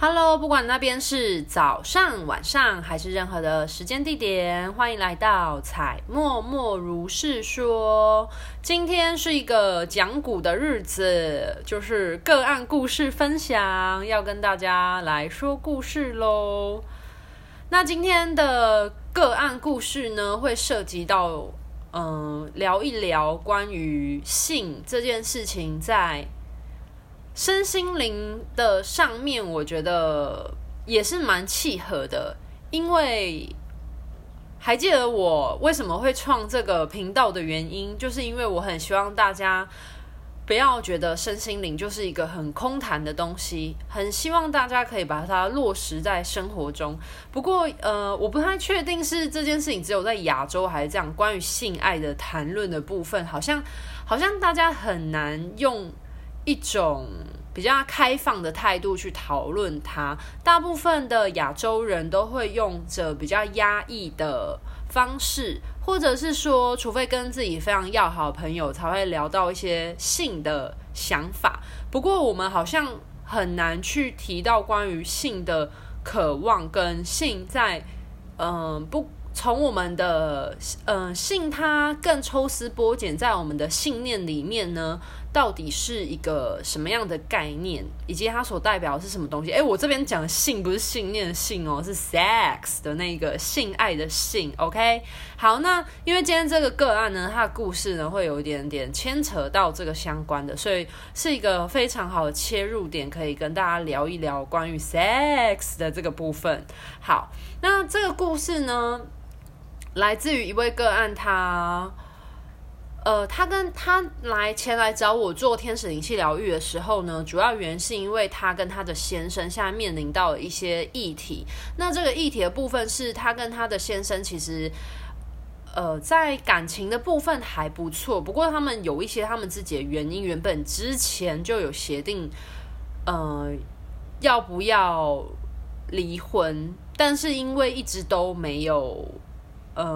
Hello，不管那邊是早上、晚上還是任何的時間地點，歡迎來到采默默如是說。今天是一個講古的日子，就是個案故事分享，要跟大家來說故事嘍。那今天的個案故事呢，會涉及到嗯，聊一聊關於性這件事情在。身心靈的上面，我覺得也是蠻契合的，因為還記得我為什麼會創這個頻道的原因，就是因為我很希望大家不要覺得身心靈就是一個很空談的東西，很希望大家可以把它落實在生活中。不過，呃，我不太確定是這件事情只有在亞洲還是這樣，關於性愛的談論的部分，好像好像大家很難用，一種比較開放的態度去討論它，大部分的亞洲人都會用着比較壓抑的方式，或者是說，除非跟自己非常要好的朋友才會聊到一些性的想法。不過，我們好像很難去提到關於性的渴望跟性在，嗯、呃，不，從我們的，嗯、呃，性它更抽絲剝繭在我們的信念裡面呢。到底是一個什麼樣的概念，以及它所代表的是什麼東西？哎、欸，我這邊講的性不是信念性哦，是 sex 的那個性愛的性。OK，好，那因為今天這個個案呢，它的故事呢會有一點點牽扯到這個相關的，所以是一個非常好的切入點，可以跟大家聊一聊關於 sex 的這個部分。好，那這個故事呢，來自於一位個案，他。呃，他跟他來前來找我做天使靈氣療癒的時候呢，主要原因是因為他跟他的先生現在面臨到了一些議題。那這個議題的部分是他跟他的先生其實，呃，在感情的部分還不錯，不過他們有一些他們自己的原因，原本之前就有協定，呃，要不要離婚？但是因為一直都沒有，嗯、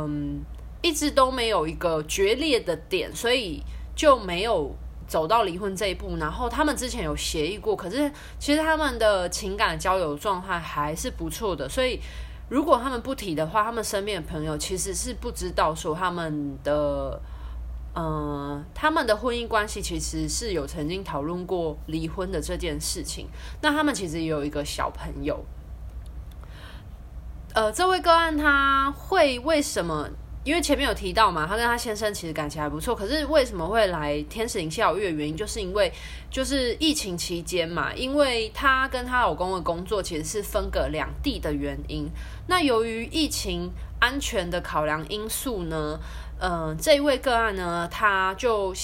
呃。一直都沒有一個決裂的點，所以就沒有走到離婚這一步。然後他們之前有協議過，可是其實他們的情感的交流狀態還是不錯的。所以如果他們不提的話，他們身邊的朋友其實是不知道說他們的，嗯、呃，他們的婚姻關係其實是有曾經討論過離婚的這件事情。那他們其實也有一個小朋友，呃，這位個案他會為什麼？因為前面有提到嘛，她跟她先生其實感情還不錯。可是為什麼會來天使靈氣療癒的原因就是因為就是疫情期間嘛，因為她跟她老公的工作其實是分隔兩地的原因。那由於疫情安全的考量因素呢，呃，這一位個案呢，他就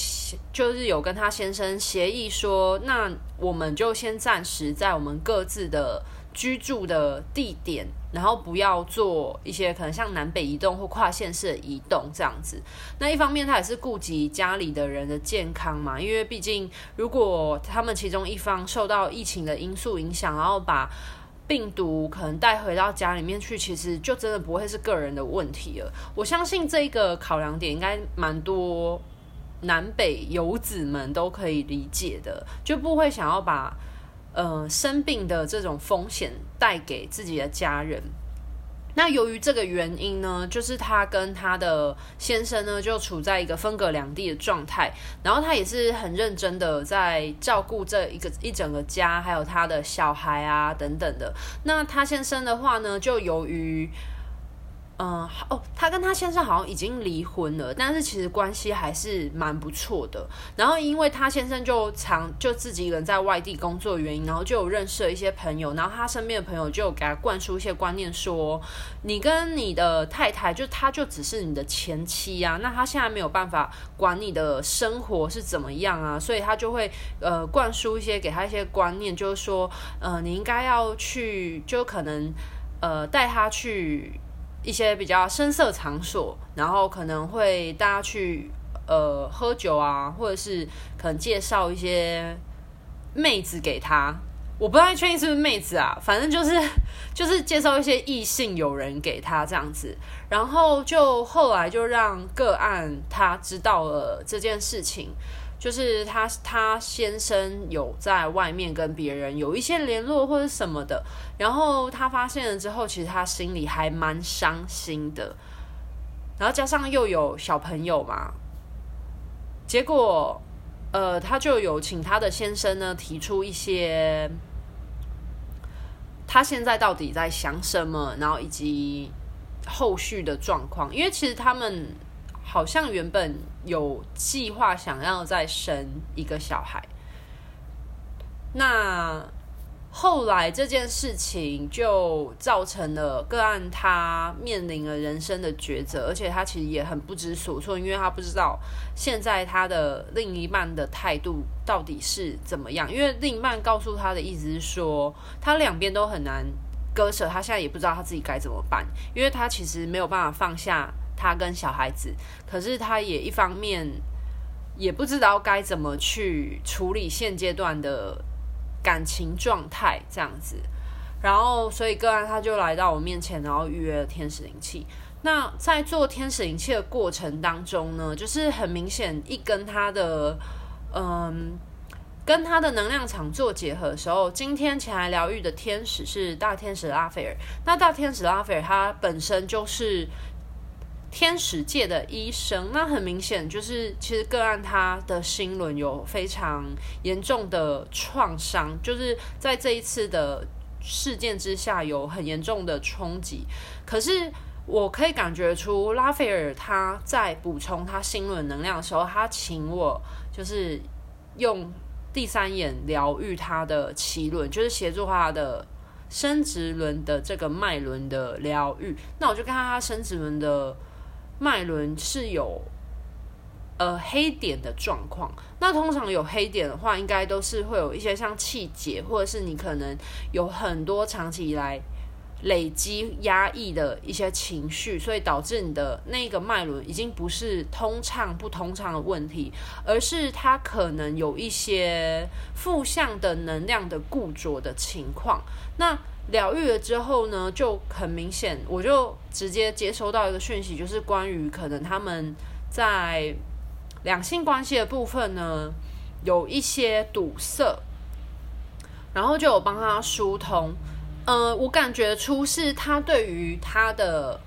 就是有跟他先生協議說，那我們就先暫時在我們各自的居住的地點。然後不要做一些可能像南北移動或跨縣市的移動這樣子。那一方面，他也是顧及家裡的人的健康嘛，因為畢竟如果他們其中一方受到疫情的因素影響，然後把病毒可能帶回到家裡面去，其實就真的不會是個人的問題了。我相信這一個考量點應該蠻多南北遊子們都可以理解的，就不會想要把。呃，生病的這種風險帶給自己的家人。那由於這個原因呢，就是他跟他的先生呢就處在一個分隔兩地的狀態，然後他也是很認真的在照顧這一個一整個家，還有他的小孩啊等等的。那他先生的話呢，就由於。嗯，哦，他跟他先生好像已經離婚了，但是其實關係還是蠻不錯的。然後，因為他先生就常就自己一個人在外地工作原因，然後就有認識了一些朋友。然後他身邊的朋友就給他灌輸一些觀念說，說你跟你的太太就，就他就只是你的前妻啊。那他現在沒有辦法管你的生活是怎麼樣啊，所以他就會呃灌輸一些給他一些觀念，就是說，呃，你應該要去，就可能呃帶他去。一些比較聲色場所，然後可能會大家去呃喝酒啊，或者是可能介紹一些妹子給他，我不太確定是不是妹子啊，反正就是就是介紹一些異性友人給他這樣子，然後就後來就讓個案他知道了這件事情。就是他，他先生有在外面跟別人有一些聯絡或者什麼的，然後他發現了之後，其實他心裡還蠻傷心的。然後加上又有小朋友嘛，結果，呃，他就有請他的先生呢提出一些他現在到底在想什麼，然後以及後續的狀況，因為其實他們。好像原本有計劃想要再生一個小孩，那後來這件事情就造成了個案，他面臨了人生的抉擇，而且他其實也很不知所措，因為他不知道現在他的另一半的態度到底是怎麼樣。因為另一半告訴他的意思是說，他兩邊都很難割捨，他現在也不知道他自己該怎麼辦，因為他其實沒有辦法放下。他跟小孩子，可是他也一方面也不知道該怎麼去處理現階段的感情狀態這樣子，然後所以個案他就來到我面前，然後預約了天使靈氣。那在做天使靈氣的過程當中呢，就是很明顯一跟他的嗯跟他的能量場做結合的時候，今天前來療癒的天使是大天使拉斐爾。那大天使拉斐爾他本身就是。天使界的醫生，那很明顯就是，其實個案他的心輪有非常嚴重的創傷，就是在這一次的事件之下有很嚴重的衝擊。可是我可以感覺出拉斐爾他在補充他心輪能量的時候，他請我就是用第三眼療癒他的臍輪，就是協助他的生殖輪的這個脈輪的療癒。那我就看看他生殖輪的。脈輪是有呃黑點的狀況，那通常有黑點的話，應該都是會有一些像氣結或者是你可能有很多長期以來累積壓抑的一些情緒，所以導致你的那個脈輪已經不是通暢不通暢的問題，而是它可能有一些負向的能量的固着的情況。那療癒了之後呢，就很明顯，我就直接接收到一個訊息，就是關於可能他們在兩性關係的部分呢有一些堵塞，然後就有幫他疏通。呃，我感覺出是他對於他的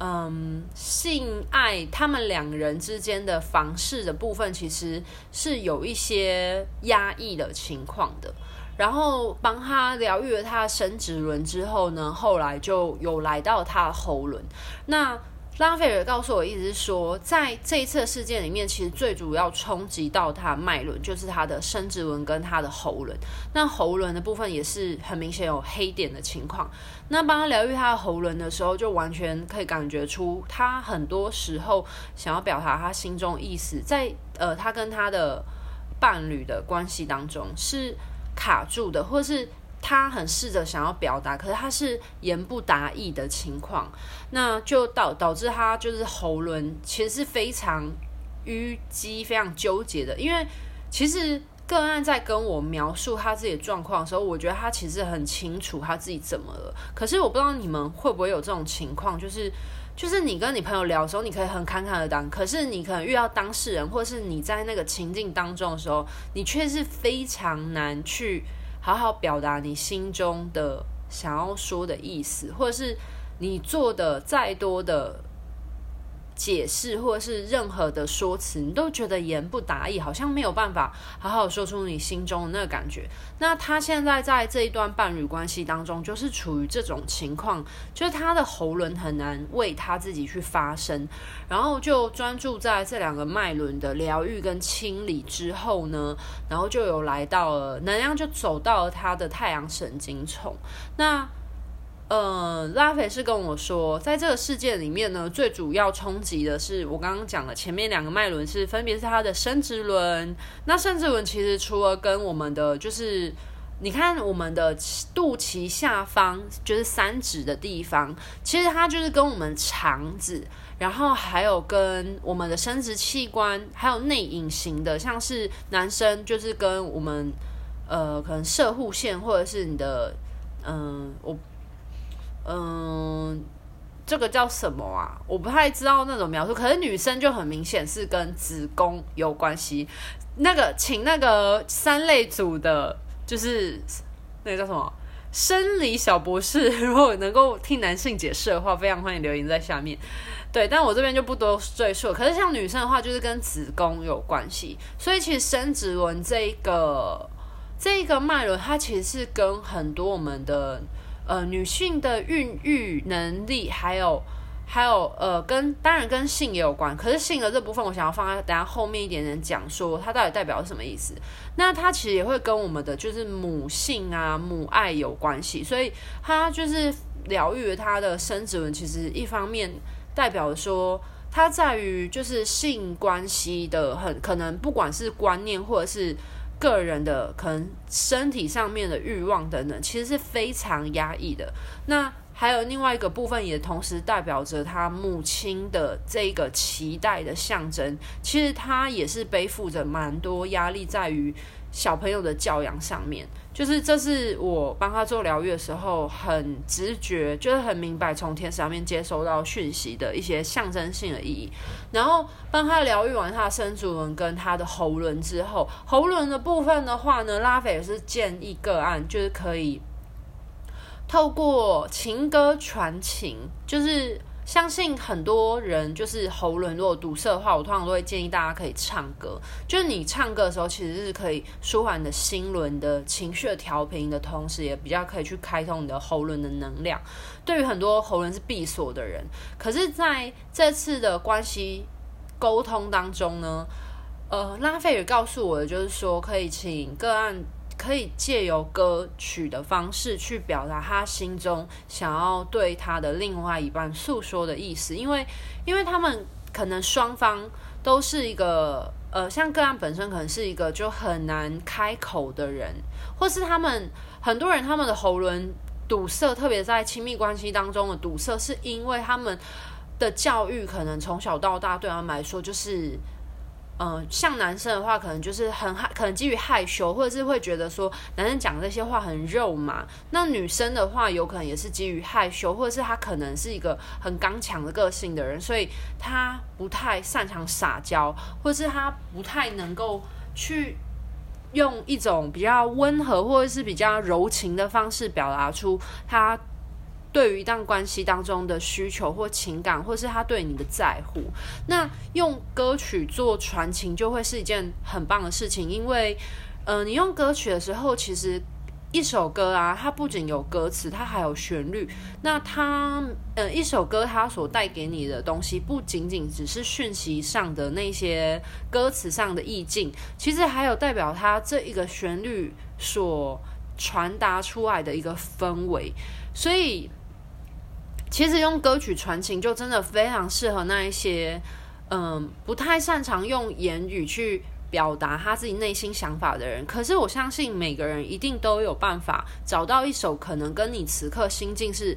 嗯性愛，他們兩人之間的房事的部分，其實是有一些壓抑的情況的。然後幫他療癒了他的生殖輪之後呢，後來就有來到他的喉輪。那拉斐爾告訴我，意思是說，在這一次事件裡面，其實最主要衝擊到他的脈輪，就是他的生殖輪跟他的喉輪。那喉輪的部分也是很明顯有黑點的情況。那幫他療癒他的喉輪的時候，就完全可以感覺出他很多時候想要表達他心中意思，在呃，他跟他的伴侶的關係當中是。卡住的，或是他很試着想要表達，可是他是言不達意的情況，那就導導致他就是喉輪，其實是非常淤積、非常糾結的。因為其實個案在跟我描述他自己的狀況的時候，我覺得他其實很清楚他自己怎麼了，可是我不知道你們會不會有這種情況，就是。就是你跟你朋友聊的時候，你可以很侃侃而談；可是你可能遇到當事人，或是你在那個情境當中的時候，你卻是非常難去好好表達你心中的想要說的意思，或者是你做的再多的。解釋或者是任何的說辭，你都覺得言不達意，好像沒有辦法好好說出你心中的那個感覺。那他現在在這一段伴侶關係當中，就是處於這種情況，就是他的喉輪很難為他自己去發聲，然後就專注在這兩個脈輪的療癒跟清理之後呢，然後就有來到了能量就走到了他的太陽神經叢，那。呃，拉斐是跟我說，在這個事件裡面呢，最主要衝擊的是我剛剛講的前面兩個脈輪是，分別是它的生殖輪。那生殖輪其實除了跟我們的，就是你看我們的肚臍下方就是三指的地方，其實它就是跟我們腸子，然後還有跟我們的生殖器官，還有內隱形的，像是男生就是跟我們呃可能攝護腺，或者是你的嗯、呃、我。嗯，這個叫什麼啊？我不太知道那種描述。可是女生就很明顯是跟子宮有關係。那個，請那個三類組的，就是那個叫什麼？生理小博士，如果能夠聽男性解釋的話，非常歡迎留言在下面。對，但我這邊就不多贅述。可是像女生的話，就是跟子宮有關係。所以其實生殖輪這一個這一個脈輪，它其實是跟很多我們的。呃，女性的孕育能力，還有，還有，呃，跟當然跟性也有關，可是性的這部分我想要放在等下後面一點點講，說它到底代表什麼意思。那它其實也會跟我們的就是母性啊、母愛有關係，所以它就是療癒它的生殖紋，其實一方面代表說它在於就是性關係的很可能，不管是觀念或者是。個人的可能身體上面的慾望等等，其實是非常壓抑的。那還有另外一個部分，也同時代表着他母親的這個期待的象徵。其實他也是背負着蠻多壓力，在於小朋友的教養上面。就是這是我幫他做療癒的時候，很直覺，就是很明白從天使上面接收到訊息的一些象徵性的意義。然後幫他療癒完他的生殖輪跟他的喉輪之後，喉輪的部分的話呢，拉斐也是建議個案就是可以透過情歌傳情，就是。相信很多人就是喉輪如果堵塞的話，我通常都會建議大家可以唱歌。就是你唱歌的時候，其實是可以舒緩你的心輪的情緒的調頻的，的同時，也比較可以去開通你的喉輪的能量。對於很多喉輪是閉鎖的人，可是在這次的關係溝通當中呢，呃，拉斐爾告訴我的就是說，可以請個案。可以借由歌曲的方式去表達他心中想要對他的另外一半訴說的意思，因為因為他們可能雙方都是一個呃，像個案本身可能是一個就很難開口的人，或是他們很多人他們的喉嚨堵塞，特別在親密關係當中的堵塞，是因為他們的教育可能從小到大對他們來說就是。嗯、呃，像男生的話，可能就是很害，可能基於害羞，或者是會覺得說男生講這些話很肉麻。那女生的話，有可能也是基於害羞，或者是她可能是一個很剛強的個性的人，所以她不太擅長撒嬌，或者是她不太能夠去用一種比較溫和或者是比較柔情的方式表達出她。對於一段關係當中的需求或情感，或是他對你的在乎，那用歌曲做傳情就會是一件很棒的事情。因為，嗯、呃，你用歌曲的時候，其實一首歌啊，它不僅有歌詞，它還有旋律。那它，嗯、呃，一首歌它所帶給你的東西，不僅僅只是訊息上的那些歌詞上的意境，其實還有代表它這一個旋律所傳達出來的一個氛圍。所以。其實用歌曲傳情，就真的非常適合那一些，嗯，不太擅長用言語去表達他自己內心想法的人。可是我相信，每個人一定都有辦法找到一首可能跟你此刻心境是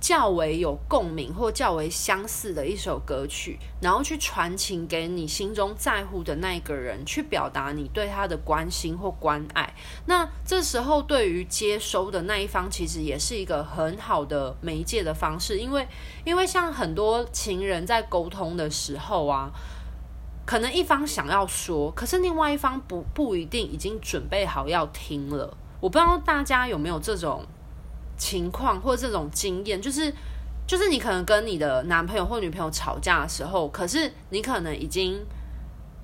較為有共鳴或較為相似的一首歌曲，然後去傳情給你心中在乎的那一個人，去表達你對他的關心或關愛。那這時候對於接收的那一方，其實也是一個很好的媒介的方式，因為因為像很多情人在溝通的時候啊，可能一方想要說，可是另外一方不不一定已經準備好要聽了。我不知道大家有沒有這種。情況或這種經驗，就是，就是你可能跟你的男朋友或女朋友吵架的時候，可是你可能已經，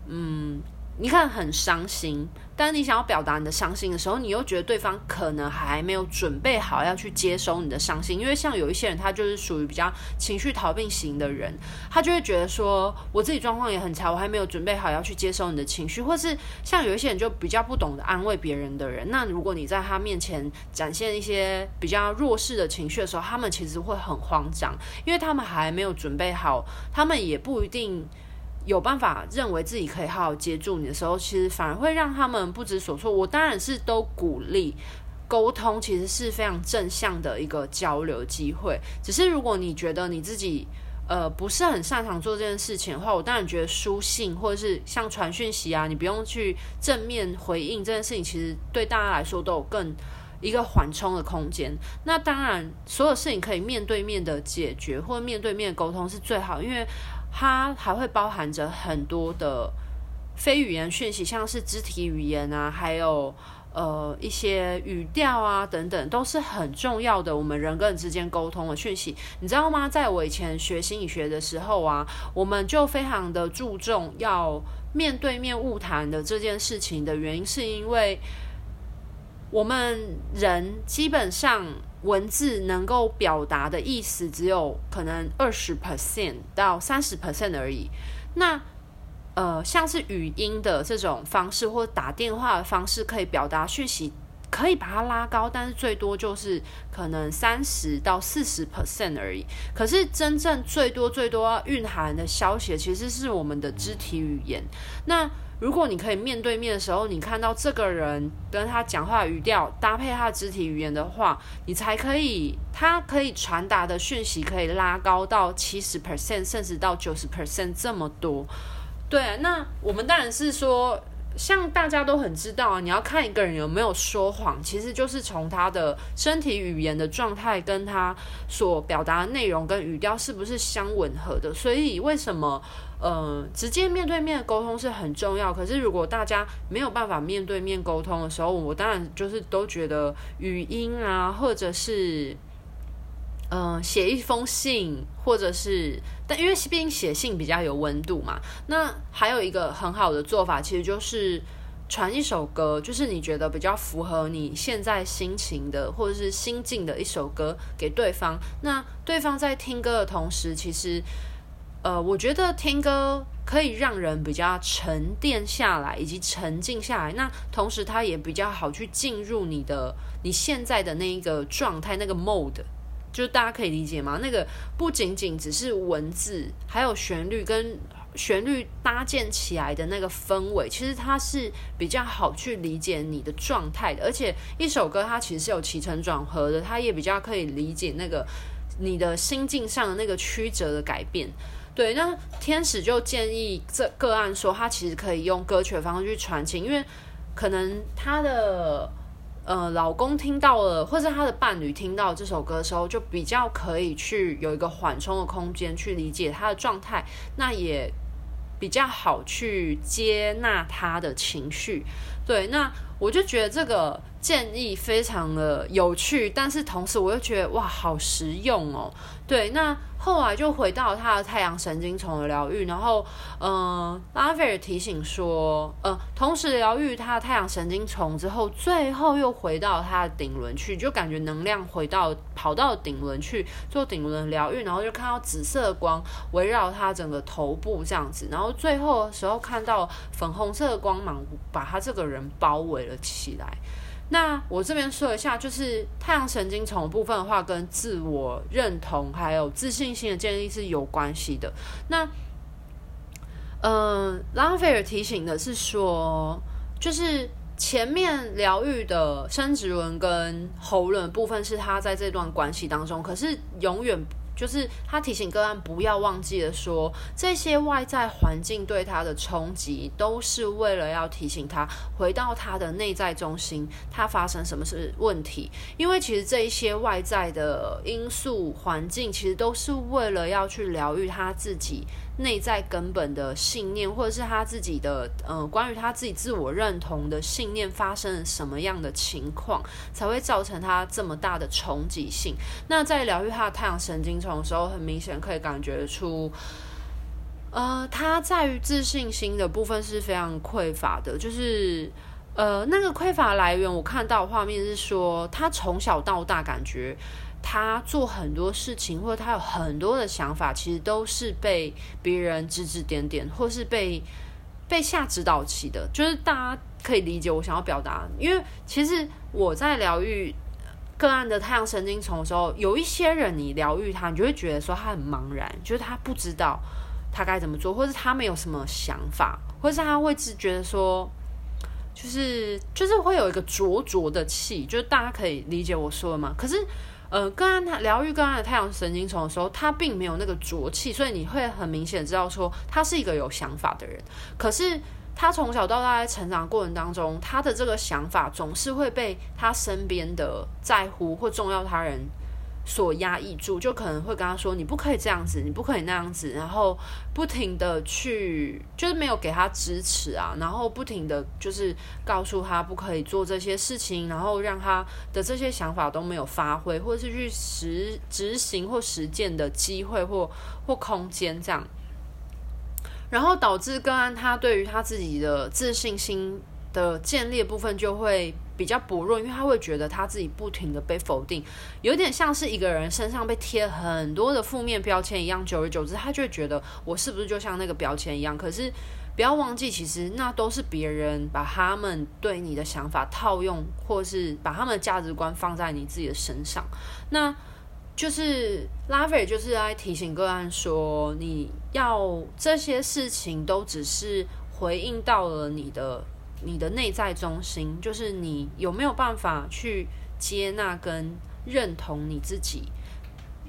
嗯。你看很傷心，但是你想要表達你的傷心的時候，你又覺得對方可能還沒有準備好要去接收你的傷心，因為像有一些人，他就是屬於比較情緒逃避型的人，他就會覺得說，我自己狀況也很差，我還沒有準備好要去接收你的情緒，或是像有一些人就比較不懂得安慰別人的人，那如果你在他面前展現一些比較弱勢的情緒的時候，他們其實會很慌張，因為他們還沒有準備好，他們也不一定。有辦法認為自己可以好好接住你的時候，其實反而會讓他們不知所措。我當然是都鼓勵溝通，其實是非常正向的一個交流機會。只是如果你覺得你自己呃不是很擅長做這件事情的話，我當然覺得書信或者是像傳訊息啊，你不用去正面回應這件事情，其實對大家來說都有更。一個緩衝的空間。那當然，所有事情可以面對面的解決，或者面對面的溝通是最好，因為它還會包含着很多的非語言訊息，像是肢體語言啊，還有呃一些語調啊等等，都是很重要的。我們人跟人之間溝通的訊息，你知道嗎？在我以前學心理學的時候啊，我們就非常的注重要面對面晤談的這件事情的原因，是因為。我們人基本上文字能夠表達的意思只有可能二十 percent 到三十 percent 而已。那呃，像是語音的這種方式或打電話的方式可以表達訊息，可以把它拉高，但是最多就是可能三十到四十 percent 而已。可是真正最多最多要蘊含的消息，其實是我們的肢體語言。那如果你可以面對面的時候，你看到這個人跟他講話的語調搭配他的肢體語言的話，你才可以，他可以傳達的訊息可以拉高到七十 percent，甚至到九十 percent，這麼多。對，那我們當然是說。像大家都很知道啊，你要看一個人有沒有說謊，其實就是從他的身體語言的狀態，跟他所表達的內容跟語調是不是相吻合的。所以為什麼呃，直接面對面的溝通是很重要。可是如果大家沒有辦法面對面溝通的時候，我當然就是都覺得語音啊，或者是。嗯、呃，寫一封信，或者是，但因為畢竟寫信比較有溫度嘛。那還有一個很好的做法，其實就是傳一首歌，就是你覺得比較符合你現在心情的，或者是心境的一首歌給對方。那對方在聽歌的同時，其實，呃，我覺得聽歌可以讓人比較沉澱下來，以及沉靜下來。那同時，它也比較好去進入你的你現在的那一個狀態，那個 mode。就大家可以理解嗎？那個不僅僅只是文字，還有旋律跟旋律搭建起來的那個氛圍，其實它是比較好去理解你的狀態的。而且一首歌它其實是有起承轉合的，它也比較可以理解那個你的心境上的那個曲折的改變。對，那天使就建議這個案說，他其實可以用歌曲的方式去傳情，因為可能他的。呃，老公聽到了，或者他的伴侶聽到這首歌的時候，就比較可以去有一個緩衝的空間去理解他的狀態，那也比較好去接納他的情緒。對，那我就覺得這個。建議非常的有趣，但是同時我又覺得哇，好實用哦。對，那後來就回到他的太陽神經叢的療癒，然後嗯，拉斐爾提醒說，呃、嗯，同時療癒他的太陽神經叢之後，最後又回到他的頂輪去，就感覺能量回到跑到頂輪去做頂輪療癒，然後就看到紫色的光圍繞他整個頭部這樣子，然後最後的時候看到粉紅色的光芒把他這個人包圍了起來。那我這邊說一下，就是太陽神經叢的部分的話，跟自我認同還有自信心的建立是有關係的。那，嗯、呃，拉斐爾提醒的是說，就是前面療癒的生殖輪跟喉輪部分，是他在這段關係當中，可是永遠。就是他提醒個案不要忘記了說，這些外在環境對他的衝擊，都是為了要提醒他回到他的內在中心，他發生什麼事問題？因為其實這一些外在的因素、環境，其實都是為了要去療癒他自己內在根本的信念，或者是他自己的呃關於他自己自我認同的信念發生了什麼樣的情況，才會造成他這麼大的衝擊性？那在療癒他的太陽神經。同時，很明顯可以感覺出，呃，他在於自信心的部分是非常匱乏的。就是，呃，那個匱乏來源，我看到畫面是說，他從小到大感覺他做很多事情，或者他有很多的想法，其實都是被別人指指點點，或是被被下指導棋的。就是大家可以理解我想要表達，因為其實我在療癒。個案的太陽神經叢的時候，有一些人你療癒他，你就會覺得說他很茫然，就是他不知道他該怎麼做，或是他沒有什麼想法，或是他會只覺得說，就是就是會有一個濁濁的氣，就是大家可以理解我說的嗎？可是，呃，個案他療癒個案的太陽神經叢的時候，他並沒有那個濁氣，所以你會很明顯知道說他是一個有想法的人，可是，他從小到大在成長的過程當中，他的這個想法總是會被他身邊的在乎或重要他人所壓抑住，就可能會跟他說：“你不可以這樣子，你不可以那樣子。”然後不停的去，就是沒有給他支持啊，然後不停的就是告訴他不可以做這些事情，然後讓他的這些想法都沒有發揮，或者是去實執行或實踐的機會或或空間這樣。然後導致個案他對於他自己的自信心的建立的部分就會比較薄弱，因為他會覺得他自己不停的被否定，有點像是一個人身上被貼很多的負面標籤一樣，久而久之，他就會覺得我是不是就像那個標籤一樣？可是不要忘記，其實那都是別人把他們對你的想法套用，或是把他們的價值觀放在你自己的身上。那。就是拉斐爾，Lave，就是來提醒個案說，你要這些事情都只是回應到了你的你的內在中心，就是你有沒有辦法去接納跟認同你自己，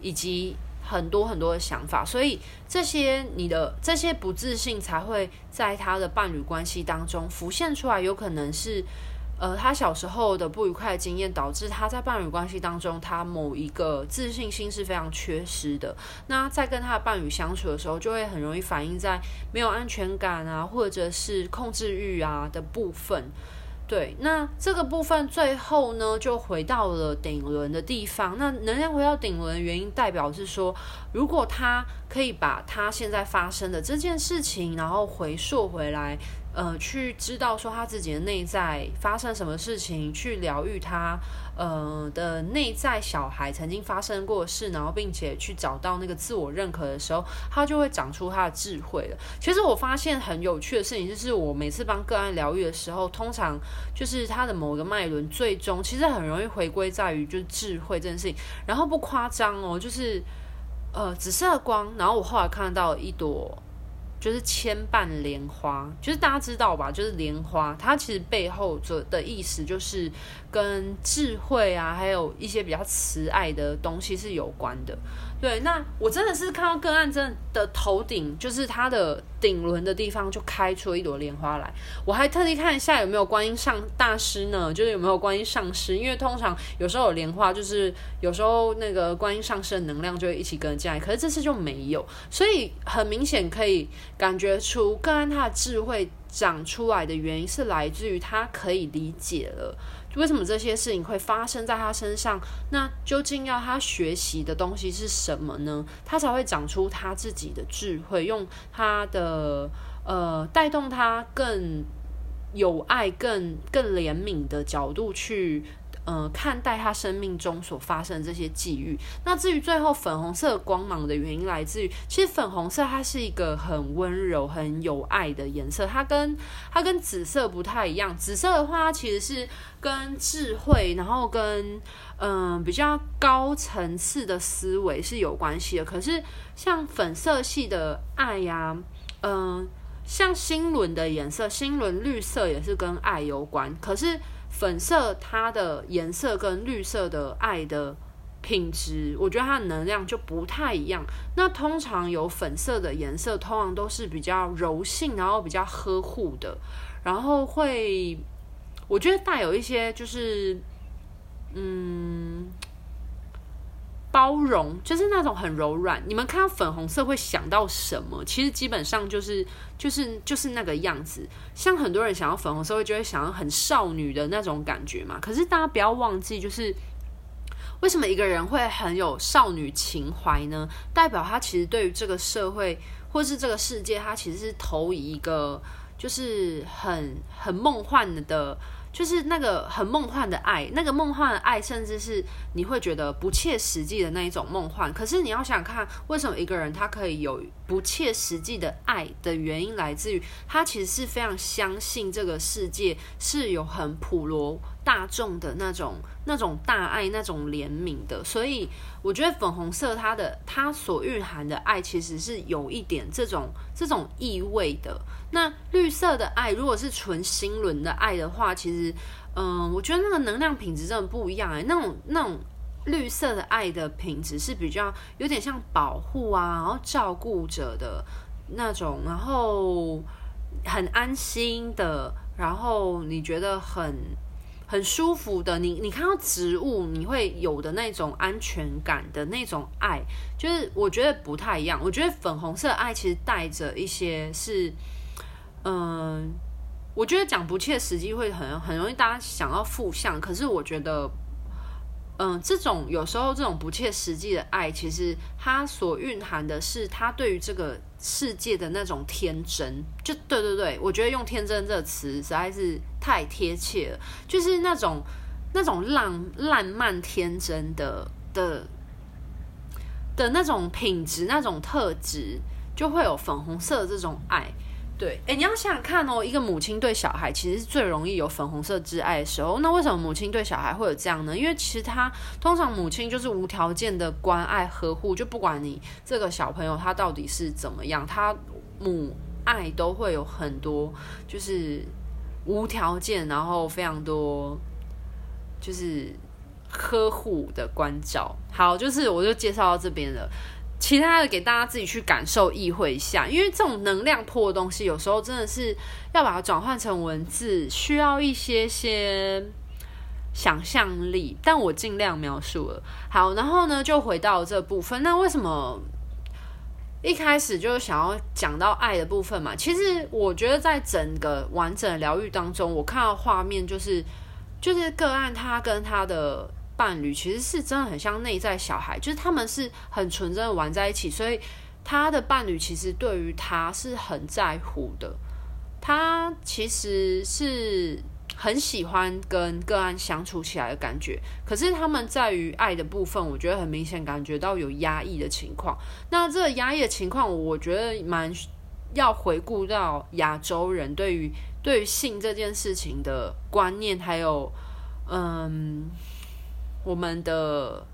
以及很多很多的想法，所以這些你的這些不自信才會在他的伴侶關係當中浮現出來，有可能是。呃，他小時候的不愉快的經驗導致他在伴侶關係當中，他某一個自信心是非常缺失的。那在跟他的伴侶相處的時候，就會很容易反映在沒有安全感啊，或者是控制慾啊的部分。對，那這個部分最後呢，就回到了頂輪的地方。那能量回到頂輪的原因，代表是說，如果他可以把他現在發生的這件事情，然後回溯回來。呃，去知道說他自己的內在發生什麼事情，去療癒他的呃的內在小孩曾經發生過的事，然後並且去找到那個自我認可的時候，他就會長出他的智慧了。其實我發現很有趣的事情就是，我每次幫個案療癒的時候，通常就是他的某個脈輪，最終其實很容易回歸在於就是智慧這件事情。然後不誇張哦，就是呃紫色光，然後我後來看到一朵。就是千瓣蓮花，就是大家知道吧？就是蓮花，它其實背後的意思就是。跟智慧啊，還有一些比較慈愛的東西是有關的。對，那我真的是看到個案真的頭頂，就是他的頂輪的地方就開出一朵蓮花來。我還特地看一下有沒有觀音上大師呢，就是有沒有觀音上師，因為通常有時候有蓮花，就是有時候那個觀音上師的能量就會一起跟進來，可是這次就沒有，所以很明顯可以感覺出個案他的智慧。長出來的原因是來自於他可以理解了為什麼這些事情會發生在他身上，那究竟要他學習的東西是什麼呢？他才會長出他自己的智慧，用他的呃帶動他更有愛、更更憐憫的角度去。嗯、呃，看待他生命中所發生這些際遇。那至於最後粉紅色光芒的原因，來自於其實粉紅色它是一個很溫柔、很有愛的顏色。它跟它跟紫色不太一樣。紫色的話，其實是跟智慧，然後跟嗯、呃、比較高層次的思維是有關係的。可是像粉色系的愛呀、啊，嗯、呃，像心輪的顏色，心輪綠色也是跟愛有關。可是。粉色它的顏色跟綠色的愛的品質，我覺得它的能量就不太一樣。那通常有粉色的顏色，通常都是比較柔性，然後比較呵護的，然後會，我覺得帶有一些就是，嗯。包容就是那種很柔軟。你們看到粉紅色會想到什麼？其實基本上就是就是就是那個樣子。像很多人想要粉紅色，會就會想要很少女的那種感覺嘛。可是大家不要忘記，就是為什麼一個人會很有少女情懷呢？代表他其實對於這個社會或是這個世界，他其實是投以一個就是很很夢幻的。就是那個很夢幻的愛，那個夢幻的愛，甚至是你會覺得不切實際的那一種夢幻。可是你要想看，為什麼一個人他可以有不切實際的愛的原因，來自於他其實是非常相信這個世界是有很普羅。大眾的那種、那種大愛、那種憐憫的，所以我覺得粉紅色它的它所蘊含的愛其實是有一點這種這種意味的。那綠色的愛，如果是純心輪的愛的話，其實嗯、呃，我覺得那個能量品質真的不一樣、欸。那種那種綠色的愛的品質是比較有點像保護啊，然後照顧者的那種，然後很安心的，然後你覺得很。很舒服的，你你看到植物，你會有的那種安全感的那種愛，就是我覺得不太一樣。我覺得粉紅色愛其實帶着一些是，嗯、呃，我覺得講不切實際會很很容易大家想要負向，可是我覺得。嗯，這種有時候這種不切實際的愛，其實它所蘊含的是它對於這個世界的那種天真，就對對對，我覺得用天真這個詞實在是太貼切了，就是那種那種浪浪漫天真的的的那種品質、那種特質，就會有粉紅色的這種愛。對，誒、欸，你要想想看哦，一個母親對小孩其實是最容易有粉紅色之愛的時候。那為什麼母親對小孩會有這樣呢？因為其實他通常母親就是無條件的關愛呵護，就不管你這個小朋友他到底是怎麼樣，他母愛都會有很多，就是無條件，然後非常多，就是呵護的關照。好，就是我就介紹到這邊了。其他的給大家自己去感受、意會一下，因為這種能量波的東西，有時候真的是要把它轉換成文字，需要一些些想象力。但我盡量描述了。好，然後呢，就回到這部分。那為什麼一開始就想要講到愛的部分嘛？其實我覺得在整個完整的療癒當中，我看到畫面就是，就是個案他跟他的。伴侶其實是真的很像內在小孩，就是他們是很純真的玩在一起，所以他的伴侶其實對於他是很在乎的。他其實是很喜歡跟個案相處起來的感覺，可是他們在於愛的部分，我覺得很明顯感覺到有壓抑的情況。那這個壓抑的情況，我覺得蠻要回顧到亞洲人對於對於性這件事情的觀念，還有嗯。我們的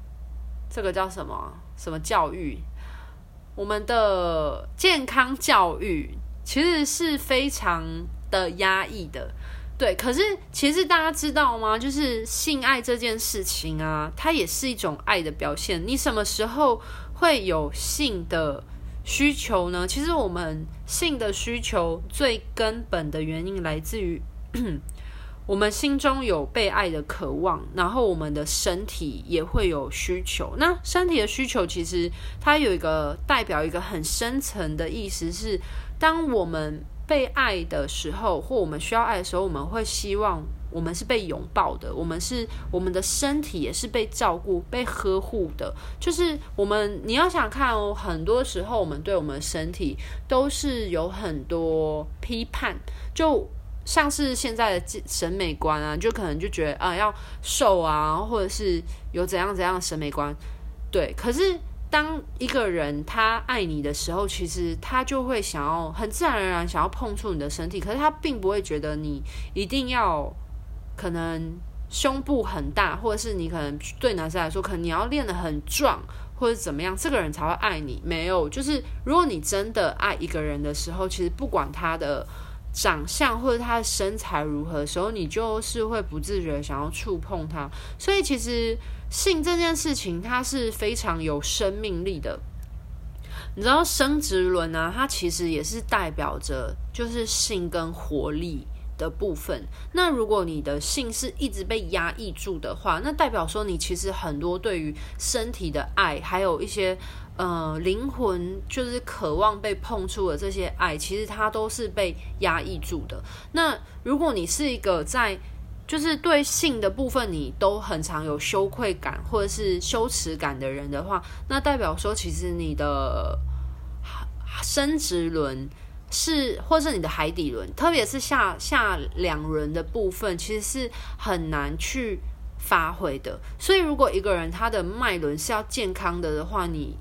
這個叫什麼什麼教育？我們的健康教育其實是非常的壓抑的，對。可是其實大家知道嗎？就是性愛這件事情啊，它也是一種愛的表現。你什麼時候會有性的需求呢？其實我們性的需求最根本的原因來自於。 我們心中有被愛的渴望，然後我們的身體也會有需求。那身體的需求其實它有一個代表一個很深層的意思，是當我們被愛的時候，或我們需要愛的時候，我們會希望我們是被擁抱的，我們是我們的身體也是被照顧、被呵護的。就是我們你要想看哦，很多時候我們對我們的身體都是有很多批判，就。像是現在的審美觀啊，就可能就覺得啊、呃、要瘦啊，或者是有怎樣怎樣的審美觀，對。可是當一個人他愛你的時候，其實他就會想要很自然而然想要碰觸你的身體，可是他並不會覺得你一定要可能胸部很大，或者是你可能對男生來說，可能你要練得很壯或者怎麼樣，這個人才會愛你。沒有，就是如果你真的愛一個人的時候，其實不管他的。長相或者他的身材如何的時候，你就是會不自覺想要觸碰他。所以其實性這件事情，它是非常有生命力的。你知道生殖輪呢，啊？它其實也是代表着就是性跟活力的部分。那如果你的性是一直被壓抑住的話，那代表說你其實很多對於身體的愛，還有一些。呃，靈魂就是渴望被碰觸的這些愛，其實它都是被壓抑住的。那如果你是一個在，就是對性的部分，你都很常有羞愧感或者是羞恥感的人的話，那代表說，其實你的生殖輪是，或是你的海底輪，特別是下下兩輪的部分，其實是很難去發揮的。所以，如果一個人他的脈輪是要健康的的話，你。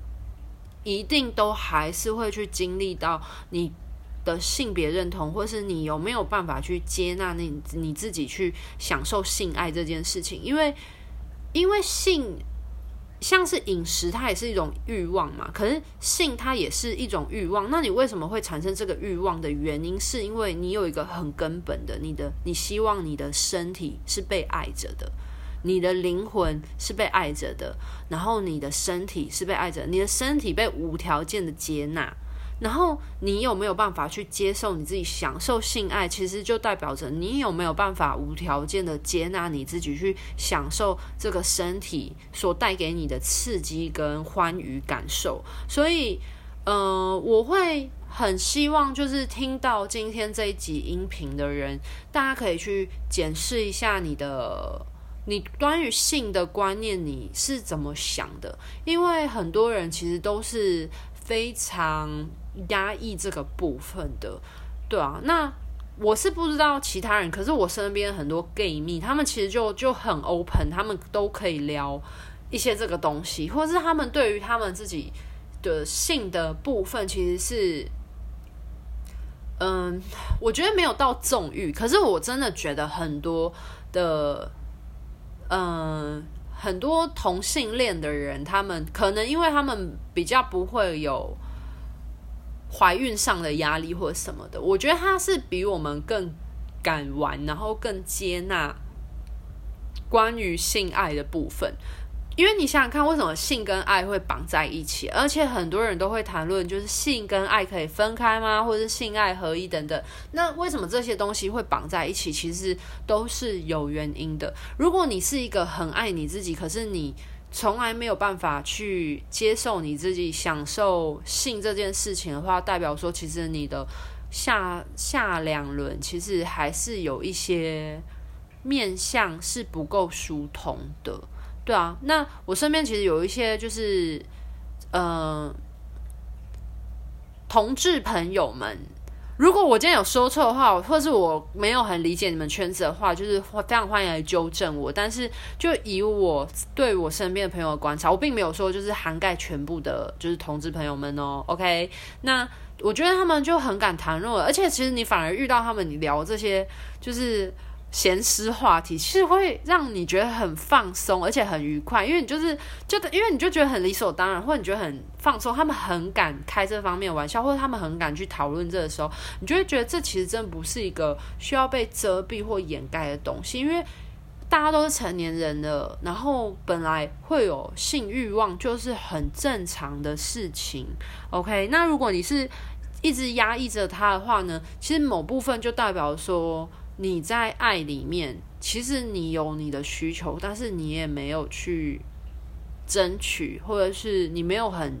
一定都還是會去經歷到你的性別認同，或是你有沒有辦法去接納你你自己去享受性愛這件事情，因為因為性像是飲食，它也是一種慾望嘛。可是性它也是一種慾望，那你為什麼會產生這個慾望的原因，是因為你有一個很根本的，你的你希望你的身體是被愛着的。你的靈魂是被愛着的，然後你的身體是被愛着，你的身體被無條件的接納。然後你有沒有辦法去接受你自己享受性愛？其實就代表着你有沒有辦法無條件的接納你自己去享受這個身體所帶給你的刺激跟歡愉感受。所以，呃，我會很希望就是聽到今天這一集音頻的人，大家可以去檢視一下你的。你關於性的觀念你是怎麼想的？因為很多人其實都是非常壓抑這個部分的，對啊。那我是不知道其他人，可是我身邊很多 gay 蜜他們其實就就很 open，他們都可以聊一些這個東西，或是他們對於他們自己的性的部分，其實是嗯，我覺得沒有到縱慾。可是我真的覺得很多的。嗯、呃，很多同性戀的人，他們可能因為他們比較不會有懷孕上的壓力或什麼的，我覺得他是比我們更敢玩，然後更接納關於性愛的部分。因為你想想看，為什麼性跟愛會綁在一起？而且很多人都會談論，就是性跟愛可以分開嗎？或者是性愛合一等等。那為什麼這些東西會綁在一起？其實都是有原因的。如果你是一個很愛你自己，可是你從來沒有辦法去接受你自己享受性這件事情的話，代表說其實你的下下兩輪其實還是有一些面向是不夠疏通的。對啊，那我身邊其實有一些就是，呃，同志朋友們，如果我今天有說錯的話，或是我沒有很理解你們圈子的話，就是非常歡迎來糾正我。但是就以我對我身邊的朋友觀察，我並沒有說就是涵蓋全部的，就是同志朋友們哦。OK，那我覺得他們就很敢談論，而且其實你反而遇到他們，你聊這些就是。閒私話題其實會讓你覺得很放鬆，而且很愉快，因為你就是就因為你就覺得很理所當然，或者你覺得很放鬆。他們很敢開這方面玩笑，或者他們很敢去討論這個時候，你就會覺得這其實真的不是一個需要被遮蔽或掩蓋的東西，因為大家都是成年人了，然後本來會有性欲望就是很正常的事情。OK，那如果你是一直壓抑着他的話呢，其實某部分就代表說。你在愛裡面，其實你有你的需求，但是你也沒有去爭取，或者是你沒有很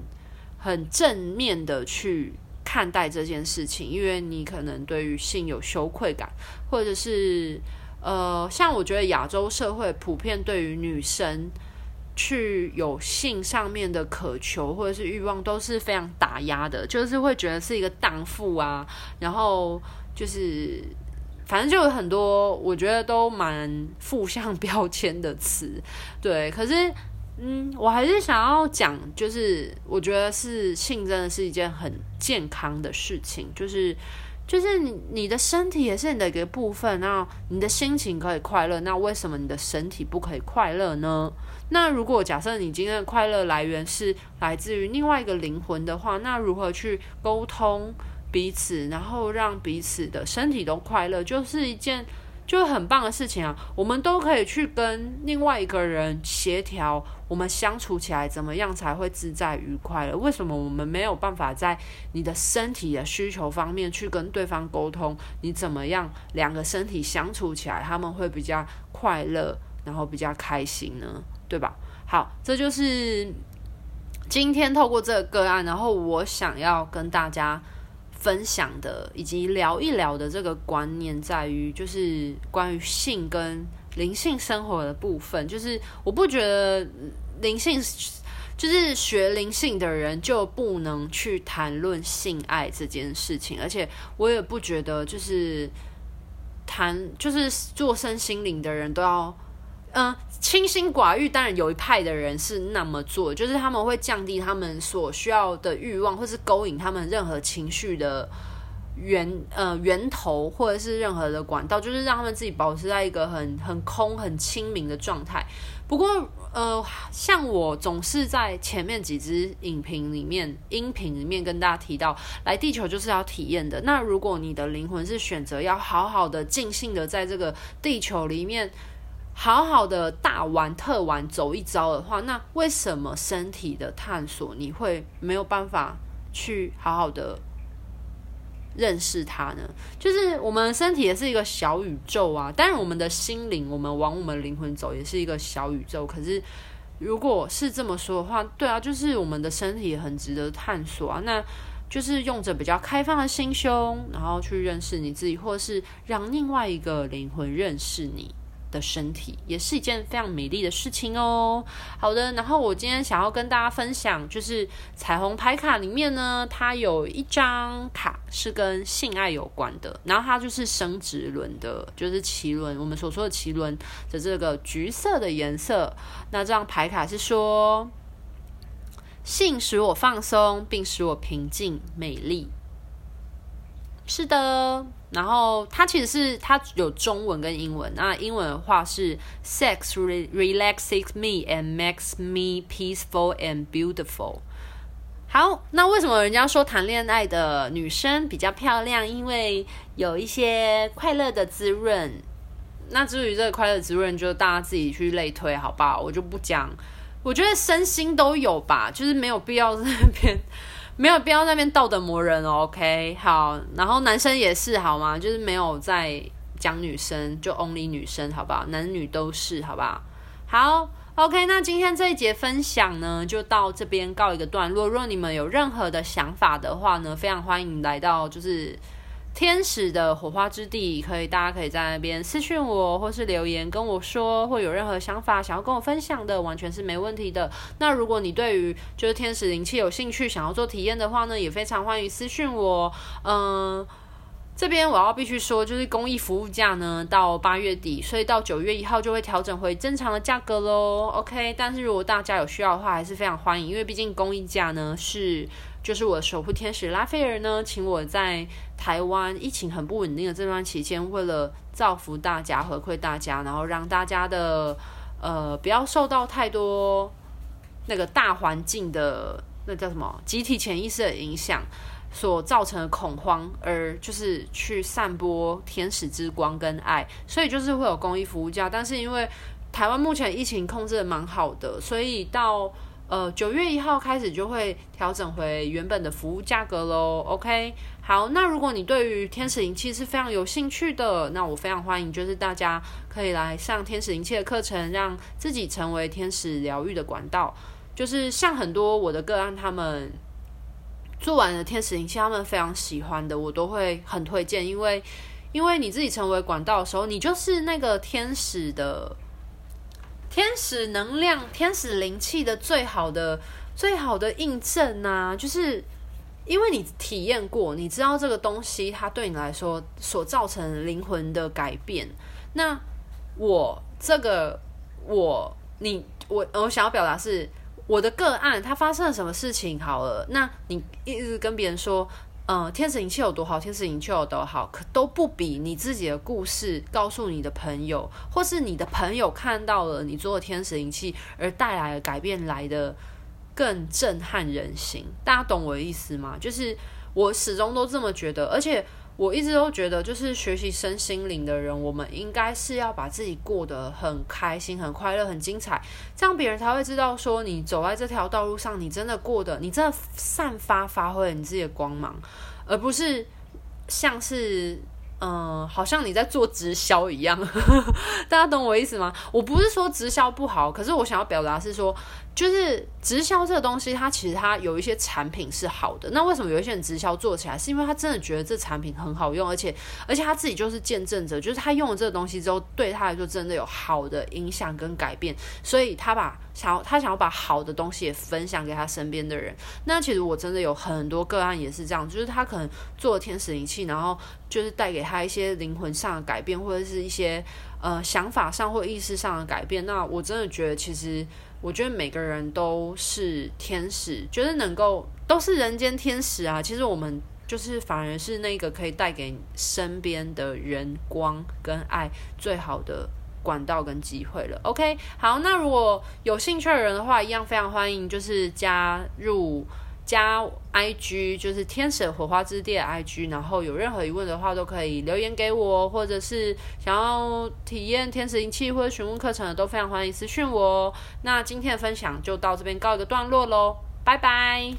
很正面的去看待這件事情，因為你可能對於性有羞愧感，或者是呃，像我覺得亞洲社會普遍對於女生去有性上面的渴求或者是慾望都是非常打壓的，就是會覺得是一個蕩婦啊，然後就是。反正就有很多，我覺得都蠻負向標籤的詞，對。可是，嗯，我還是想要講，就是我覺得是性真的是一件很健康的事情，就是，就是你你的身體也是你的一個部分，然後你的心情可以快樂，那為什麼你的身體不可以快樂呢？那如果假設你今天的快樂來源是來自於另外一個靈魂的話，那如何去溝通？彼此，然後讓彼此的身體都快樂，就是一件就很棒的事情啊！我們都可以去跟另外一個人協調，我們相處起來怎麼樣才會自在愉快？為什麼我們沒有辦法在你的身體的需求方面去跟對方溝通？你怎麼樣，兩個身體相處起來他們會比較快樂，然後比較開心呢？對吧？好，這就是今天透過這個個案，然後我想要跟大家。分享的以及聊一聊的這個觀念，在於就是關於性跟靈性生活的部分。就是我不覺得靈性就是學靈性的人就不能去談論性愛這件事情，而且我也不覺得就是談就是做身心靈的人都要嗯。清心寡慾，當然有一派的人是那麼做，就是他們會降低他們所需要的慾望，或是勾引他們任何情緒的源呃源頭，或者是任何的管道，就是讓他們自己保持在一個很很空、很清明的狀態。不過呃，像我總是在前面幾支影片裡面、音頻裡面跟大家提到，來地球就是要體驗的。那如果你的靈魂是選擇要好好的盡興的在這個地球裡面。好好的大玩特玩走一遭的話，那為什麼身體的探索你會沒有辦法去好好的認識它呢？就是我們身體也是一個小宇宙啊，當然我們的心靈，我們往我們靈魂走也是一個小宇宙。可是如果是這麼說的話，對啊，就是我們的身體也很值得探索啊。那就是用着比較開放的心胸，然後去認識你自己，或者是讓另外一個靈魂認識你。的身體也是一件非常美麗的事情哦。好的，然後我今天想要跟大家分享，就是彩虹牌卡裡面呢，它有一張卡是跟性愛有關的，然後它就是生殖輪的，就是臍輪，我們所說的臍輪的這個橘色的顏色。那這張牌卡是說，性使我放鬆，並使我平靜、美麗。是的，然後它其實是它有中文跟英文，那英文的話是 "Sex relaxes me and makes me peaceful and beautiful"。好，那為什麼人家說談戀愛的女生比較漂亮？因為有一些快樂的滋潤。那至於這個快樂的滋潤，就大家自己去類推，好不好？我就不講。我覺得身心都有吧，就是沒有必要在那邊沒有必要在那邊道德魔人哦，OK，好，然後男生也是好嗎？就是沒有在講女生，就 only 女生，好不好？男女都是，好不好？好，OK，那今天這一節分享呢，就到這邊告一個段落。如果你們有任何的想法的話呢，非常歡迎來到就是。天使的火花之地，可以大家可以在那邊私訊我，或是留言跟我說，或有任何想法想要跟我分享的，完全是沒問題的。那如果你對於就是天使靈氣有興趣，想要做體驗的話呢，也非常歡迎私訊我。嗯，這邊我要必須說，就是公益服務價呢到八月底，所以到九月一號就會調整回正常的價格咯。OK，但是如果大家有需要的話，還是非常歡迎，因為畢竟公益價呢是。就是我守護天使拉斐爾呢，請我在台灣疫情很不穩定的這段期間，為了造福大家、回饋大家，然後讓大家的呃不要受到太多那個大環境的那叫什麼集體潛意識的影響所造成的恐慌，而就是去散播天使之光跟愛，所以就是會有公益服務價，但是因為台灣目前疫情控制得蠻好的，所以到。呃，九月一號開始就會調整回原本的服務價格咯，OK，好，那如果你對於天使靈氣是非常有興趣的，那我非常歡迎，就是大家可以來上天使靈氣的課程，讓自己成為天使療癒的管道。就是像很多我的個案，他們做完了天使靈氣，他們非常喜歡的，我都會很推薦，因為因為你自己成為管道的時候，你就是那個天使的。天使能量，天使靈氣的最好的，最好的印證吶，啊，就是因為你體驗過，你知道這個東西它對你來說所造成靈魂的改變。那我這個我你我我想要表達是，我的個案它發生了什麼事情？好了，那你一直跟別人說。嗯，天使靈氣有多好，天使靈氣有多好，可都不比你自己的故事告訴你的朋友，或是你的朋友看到了你做的天使靈氣而帶來的改變來的更震撼人心。大家懂我的意思嗎？就是我始終都這麼覺得，而且。我一直都覺得，就是學習身心靈的人，我們應該是要把自己過得很開心、很快樂、很精彩，這樣別人才會知道說你走在這條道路上，你真的過得，你真的散發、發揮你自己的光芒，而不是像是。嗯，好像你在做直銷一樣呵呵，大家懂我意思嗎？我不是說直銷不好，可是我想要表達是說，就是直銷這個東西，它其實它有一些產品是好的。那為什麼有一些人直銷做起來，是因為他真的覺得這產品很好用，而且而且他自己就是見證者，就是他用了這個東西之後，對他來說真的有好的影響跟改變，所以他把想要他想要把好的東西也分享給他身邊的人。那其實我真的有很多個案也是這樣，就是他可能做了天使靈氣，然後。就是帶給他一些靈魂上的改變，或者是一些呃想法上或意識上的改變。那我真的覺得，其實我覺得每個人都是天使，覺得能夠都是人間天使啊。其實我們就是反而是那個可以帶給身邊的人光跟愛最好的管道跟機會了。OK，好，那如果有興趣的人的話，一樣非常歡迎，就是加入。加 IG 就是天使火花之地的 IG，然後有任何疑問的話都可以留言給我，或者是想要體驗天使靈氣或者詢問課程的，都非常歡迎私訊我哦。那今天的分享就到這邊告一個段落嘍，拜拜。